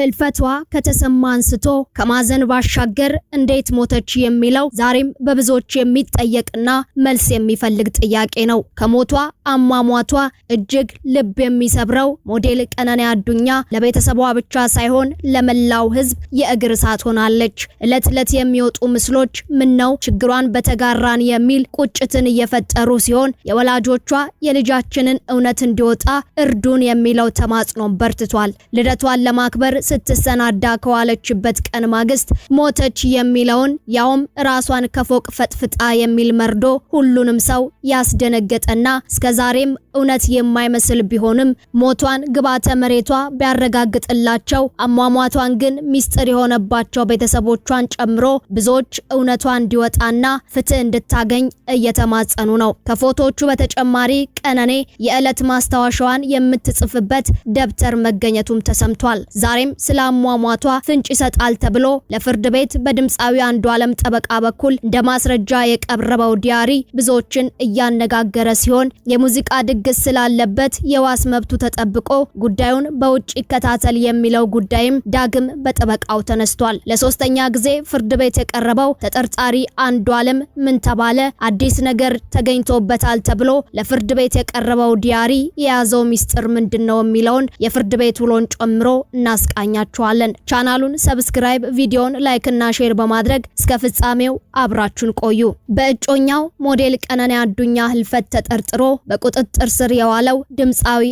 ህልፈቷ ከተሰማ አንስቶ ከማዘን ባሻገር እንዴት ሞተች የሚለው ዛሬም በብዙዎች የሚጠየቅና መልስ የሚፈልግ ጥያቄ ነው። ከሞቷ አሟሟቷ እጅግ ልብ የሚሰብረው ሞዴል ቀነኒ አዱኛ ለቤተሰቧ ብቻ ሳይሆን ለመላው ሕዝብ የእግር እሳት ሆናለች። እለት እለት የሚወጡ ምስሎች ምን ነው ችግሯን በተጋራን የሚል ቁጭትን እየፈጠሩ ሲሆን የወላጆቿ የልጃችንን እውነት እንዲወጣ እርዱን የሚለው ተማጽኖ በርትቷል። ልደቷን ለማክበር ስትሰናዳ ከዋለችበት ቀን ማግስት ሞተች የሚለውን ያውም ራሷን ከፎቅ ፈጥፍጣ የሚል መርዶ ሁሉንም ሰው ያስደነገጠና እስከዛሬም እውነት የማይመስል ቢሆንም ሞቷን ግብዓተ መሬቷ ቢያረጋግጥላቸው አሟሟቷን ግን ሚስጥር የሆነባቸው ቤተሰቦቿን ጨምሮ ብዙዎች እውነቷ እንዲወጣና ፍትህ እንድታገኝ እየተማጸኑ ነው። ከፎቶዎቹ በተጨማሪ ቀነኔ የዕለት ማስታወሻዋን የምትጽፍበት ደብተር መገኘቱም ተሰምቷል። ዛሬም ዳኛም ስለ አሟሟቷ ፍንጭ ይሰጣል ተብሎ ለፍርድ ቤት በድምፃዊ አንዱ ዓለም ጠበቃ በኩል እንደ ማስረጃ የቀረበው ዲያሪ ብዙዎችን እያነጋገረ ሲሆን የሙዚቃ ድግስ ስላለበት የዋስ መብቱ ተጠብቆ ጉዳዩን በውጭ ይከታተል የሚለው ጉዳይም ዳግም በጠበቃው ተነስቷል። ለሶስተኛ ጊዜ ፍርድ ቤት የቀረበው ተጠርጣሪ አንዱ ዓለም ምን ተባለ፣ አዲስ ነገር ተገኝቶበታል ተብሎ ለፍርድ ቤት የቀረበው ዲያሪ የያዘው ሚስጥር ምንድን ነው የሚለውን የፍርድ ቤት ውሎን ጨምሮ እናስቃል። እንቃኛችኋለን። ቻናሉን ሰብስክራይብ፣ ቪዲዮን ላይክና ሼር በማድረግ እስከ ፍጻሜው አብራችሁን ቆዩ። በእጮኛው ሞዴል ቀነኔ አዱኛ ህልፈት ተጠርጥሮ በቁጥጥር ስር የዋለው ድምፃዊ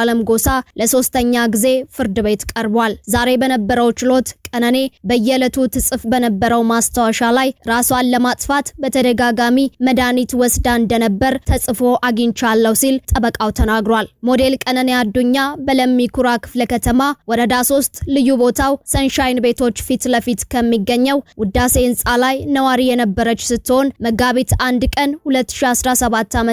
አለም ጎሳ ለሶስተኛ ጊዜ ፍርድ ቤት ቀርቧል። ዛሬ በነበረው ችሎት ቀነኔ በየዕለቱ ትጽፍ በነበረው ማስታወሻ ላይ ራሷን ለማጥፋት በተደጋጋሚ መድኃኒት ወስዳ እንደነበር ተጽፎ አግኝቻለሁ ሲል ጠበቃው ተናግሯል። ሞዴል ቀነኔ አዱኛ በለሚ ኩራ ክፍለ ከተማ ወረዳ ሶስት ልዩ ቦታው ሰንሻይን ቤቶች ፊት ለፊት ከሚገኘው ውዳሴ ህንፃ ላይ ነዋሪ የነበረች ስትሆን መጋቢት አንድ ቀን 2017 ዓ.ም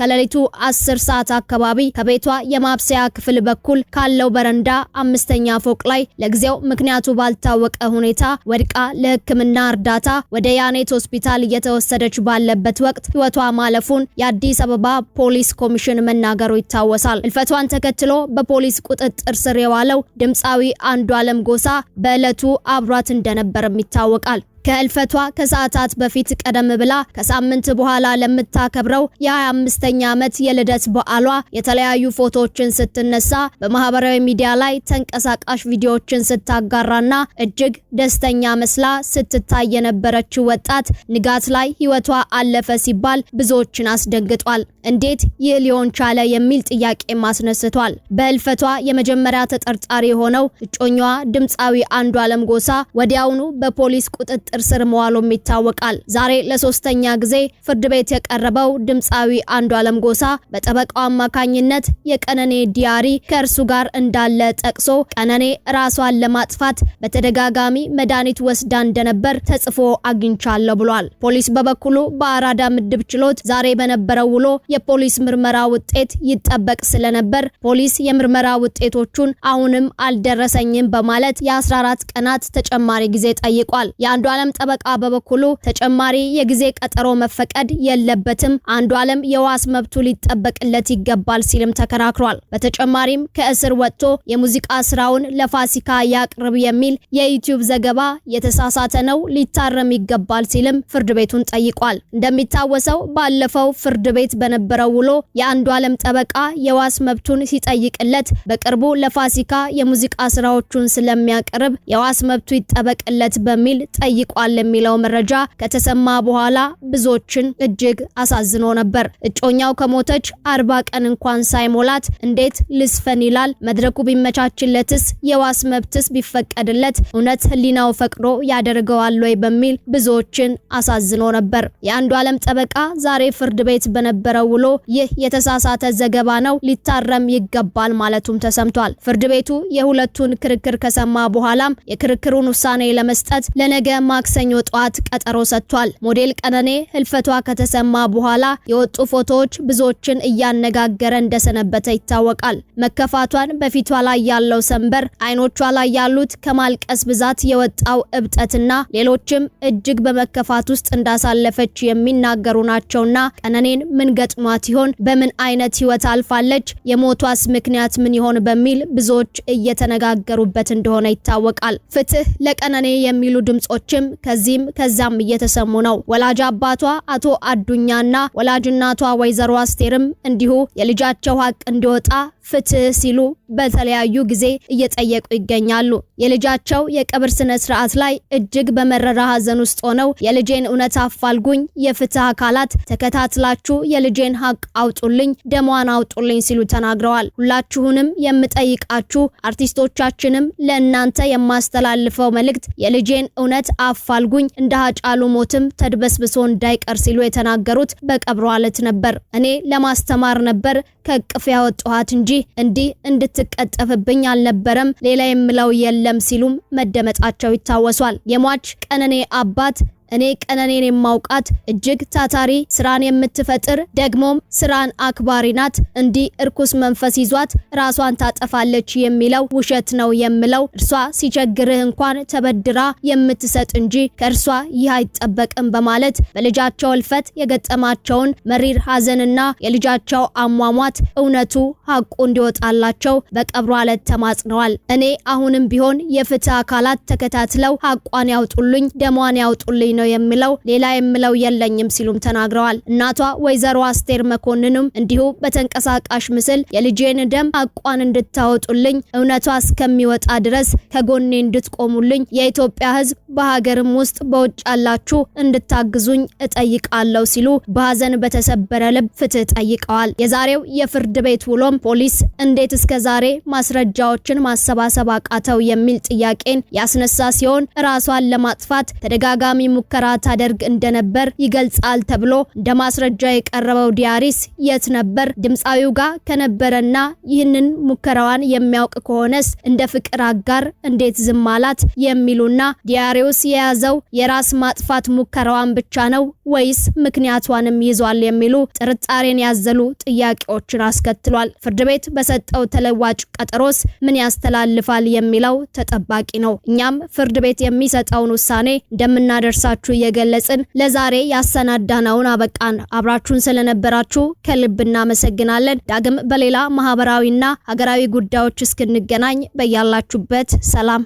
ከሌሊቱ 10 ሰዓት አካባቢ ከቤቷ የማብሰያ ክፍል በኩል ካለው በረንዳ አምስተኛ ፎቅ ላይ ለጊዜው ምክንያቱ ባል ባልታወቀ ሁኔታ ወድቃ ለሕክምና እርዳታ ወደ ያኔት ሆስፒታል እየተወሰደች ባለበት ወቅት ህይወቷ ማለፉን የአዲስ አበባ ፖሊስ ኮሚሽን መናገሩ ይታወሳል። እልፈቷን ተከትሎ በፖሊስ ቁጥጥር ስር የዋለው ድምፃዊ አንዱ አለም ጎሳ በዕለቱ አብሯት እንደነበርም ይታወቃል። ከእልፈቷ ከሰዓታት በፊት ቀደም ብላ ከሳምንት በኋላ ለምታከብረው የ25ኛ ዓመት የልደት በዓሏ የተለያዩ ፎቶዎችን ስትነሳ በማህበራዊ ሚዲያ ላይ ተንቀሳቃሽ ቪዲዮዎችን ስታጋራና እጅግ ደስተኛ መስላ ስትታይ የነበረችው ወጣት ንጋት ላይ ሕይወቷ አለፈ ሲባል ብዙዎችን አስደንግጧል። እንዴት ይህ ሊሆን ቻለ የሚል ጥያቄ ማስነስቷል። በእልፈቷ የመጀመሪያ ተጠርጣሪ የሆነው እጮኛዋ ድምፃዊ አንዷለም ጎሳ ወዲያውኑ በፖሊስ ቁጥጥር ቁጥጥር ስር መዋሉም ይታወቃል። ዛሬ ለሶስተኛ ጊዜ ፍርድ ቤት የቀረበው ድምፃዊ አንዷለም ጎሳ በጠበቃው አማካኝነት የቀነኔ ዲያሪ ከእርሱ ጋር እንዳለ ጠቅሶ ቀነኔ ራሷን ለማጥፋት በተደጋጋሚ መድኃኒት ወስዳ እንደነበር ተጽፎ አግኝቻለሁ ብሏል። ፖሊስ በበኩሉ በአራዳ ምድብ ችሎት ዛሬ በነበረው ውሎ የፖሊስ ምርመራ ውጤት ይጠበቅ ስለነበር ፖሊስ የምርመራ ውጤቶቹን አሁንም አልደረሰኝም በማለት የ14 ቀናት ተጨማሪ ጊዜ ጠይቋል። የአንዷለም አንዷለም ጠበቃ በበኩሉ ተጨማሪ የጊዜ ቀጠሮ መፈቀድ የለበትም፣ አንዷለም የዋስ መብቱ ሊጠበቅለት ይገባል ሲልም ተከራክሯል። በተጨማሪም ከእስር ወጥቶ የሙዚቃ ስራውን ለፋሲካ ያቅርብ የሚል የዩቲዩብ ዘገባ የተሳሳተ ነው፣ ሊታረም ይገባል ሲልም ፍርድ ቤቱን ጠይቋል። እንደሚታወሰው ባለፈው ፍርድ ቤት በነበረው ውሎ የአንዷለም ጠበቃ የዋስ መብቱን ሲጠይቅለት በቅርቡ ለፋሲካ የሙዚቃ ስራዎቹን ስለሚያቀርብ የዋስ መብቱ ይጠበቅለት በሚል ጠይቋል። ተለቋል የሚለው መረጃ ከተሰማ በኋላ ብዙዎችን እጅግ አሳዝኖ ነበር። እጮኛው ከሞተች አርባ ቀን እንኳን ሳይሞላት እንዴት ልስፈን ይላል? መድረኩ ቢመቻችለትስ የዋስ መብትስ ቢፈቀድለት እውነት ህሊናው ፈቅዶ ያደርገዋል ወይ በሚል ብዙዎችን አሳዝኖ ነበር። የአንዱ ዓለም ጠበቃ ዛሬ ፍርድ ቤት በነበረው ውሎ ይህ የተሳሳተ ዘገባ ነው፣ ሊታረም ይገባል ማለቱም ተሰምቷል። ፍርድ ቤቱ የሁለቱን ክርክር ከሰማ በኋላም የክርክሩን ውሳኔ ለመስጠት ለነገ ማ ማክሰኞ ጠዋት ቀጠሮ ሰጥቷል። ሞዴል ቀነኔ ህልፈቷ ከተሰማ በኋላ የወጡ ፎቶዎች ብዙዎችን እያነጋገረ እንደሰነበተ ይታወቃል። መከፋቷን በፊቷ ላይ ያለው ሰንበር፣ አይኖቿ ላይ ያሉት ከማልቀስ ብዛት የወጣው እብጠትና ሌሎችም እጅግ በመከፋት ውስጥ እንዳሳለፈች የሚናገሩ ናቸውና ቀነኔን ምን ገጥሟት ይሆን? በምን አይነት ህይወት አልፋለች? የሞቷስ ምክንያት ምን ይሆን በሚል ብዙዎች እየተነጋገሩበት እንደሆነ ይታወቃል። ፍትህ ለቀነኔ የሚሉ ድምጾችም ከዚህም ከዛም እየተሰሙ ነው። ወላጅ አባቷ አቶ አዱኛና ወላጅ እናቷ ወይዘሮ አስቴርም እንዲሁ የልጃቸው ሀቅ እንዲወጣ ፍትህ ሲሉ በተለያዩ ጊዜ እየጠየቁ ይገኛሉ። የልጃቸው የቀብር ስነ ስርዓት ላይ እጅግ በመረራ ሀዘን ውስጥ ሆነው የልጄን እውነት አፋልጉኝ፣ የፍትህ አካላት ተከታትላችሁ የልጄን ሀቅ አውጡልኝ፣ ደሟን አውጡልኝ ሲሉ ተናግረዋል። ሁላችሁንም የምጠይቃችሁ አርቲስቶቻችንም ለእናንተ የማስተላልፈው መልእክት የልጄን እውነት አፋ አፋልጉኝ እንደ ሀጫሉ ሞትም ተድበስብሶ እንዳይቀር ሲሉ የተናገሩት በቀብሯ አለት ነበር። እኔ ለማስተማር ነበር ከቅፍ ያወጣኋት እንጂ እንዲህ እንድትቀጠፍብኝ አልነበረም፣ ሌላ የምለው የለም ሲሉም መደመጣቸው ይታወሷል። የሟች ቀነኔ አባት እኔ ቀነኔን የማውቃት እጅግ ታታሪ ስራን የምትፈጥር ደግሞም ስራን አክባሪ ናት። እንዲህ እርኩስ መንፈስ ይዟት ራሷን ታጠፋለች የሚለው ውሸት ነው የምለው። እርሷ ሲቸግርህ እንኳን ተበድራ የምትሰጥ እንጂ ከእርሷ ይህ አይጠበቅም በማለት በልጃቸው እልፈት የገጠማቸውን መሪር ሐዘንና የልጃቸው አሟሟት አባላት እውነቱ ሀቁ እንዲወጣላቸው በቀብሩ ዕለት ተማጽነዋል። እኔ አሁንም ቢሆን የፍትህ አካላት ተከታትለው ሀቋን ያውጡልኝ፣ ደሟን ያውጡልኝ ነው የሚለው ሌላ የምለው የለኝም ሲሉም ተናግረዋል። እናቷ ወይዘሮ አስቴር መኮንንም እንዲሁ በተንቀሳቃሽ ምስል የልጄን ደም ሀቋን እንድታወጡልኝ እውነቷ እስከሚወጣ ድረስ ከጎኔ እንድትቆሙልኝ የኢትዮጵያ ህዝብ በሀገርም ውስጥ በውጭ ያላችሁ እንድታግዙኝ እጠይቃለሁ ሲሉ በሀዘን በተሰበረ ልብ ፍትህ ጠይቀዋል። የዛሬው የፍርድ ቤት ውሎም ፖሊስ እንዴት እስከ ዛሬ ማስረጃዎችን ማሰባሰብ አቃተው የሚል ጥያቄን ያስነሳ ሲሆን ራሷን ለማጥፋት ተደጋጋሚ ሙከራ ታደርግ እንደነበር ይገልጻል ተብሎ እንደ ማስረጃ የቀረበው ዲያሪስ የት ነበር ድምፃዊው ጋር ከነበረና ይህንን ሙከራዋን የሚያውቅ ከሆነስ እንደ ፍቅር አጋር እንዴት ዝም አላት የሚሉና ዲያሪውስ የያዘው የራስ ማጥፋት ሙከራዋን ብቻ ነው ወይስ ምክንያቷንም ይዟል የሚሉ ጥርጣሬን ያዘሉ ጥያቄዎች ችግሮችን አስከትሏል። ፍርድ ቤት በሰጠው ተለዋጭ ቀጠሮስ ምን ያስተላልፋል የሚለው ተጠባቂ ነው። እኛም ፍርድ ቤት የሚሰጠውን ውሳኔ እንደምናደርሳችሁ እየገለጽን ለዛሬ ያሰናዳነውን አበቃን። አብራችሁን ስለነበራችሁ ከልብ እናመሰግናለን። ዳግም በሌላ ማህበራዊና ሀገራዊ ጉዳዮች እስክንገናኝ በያላችሁበት ሰላም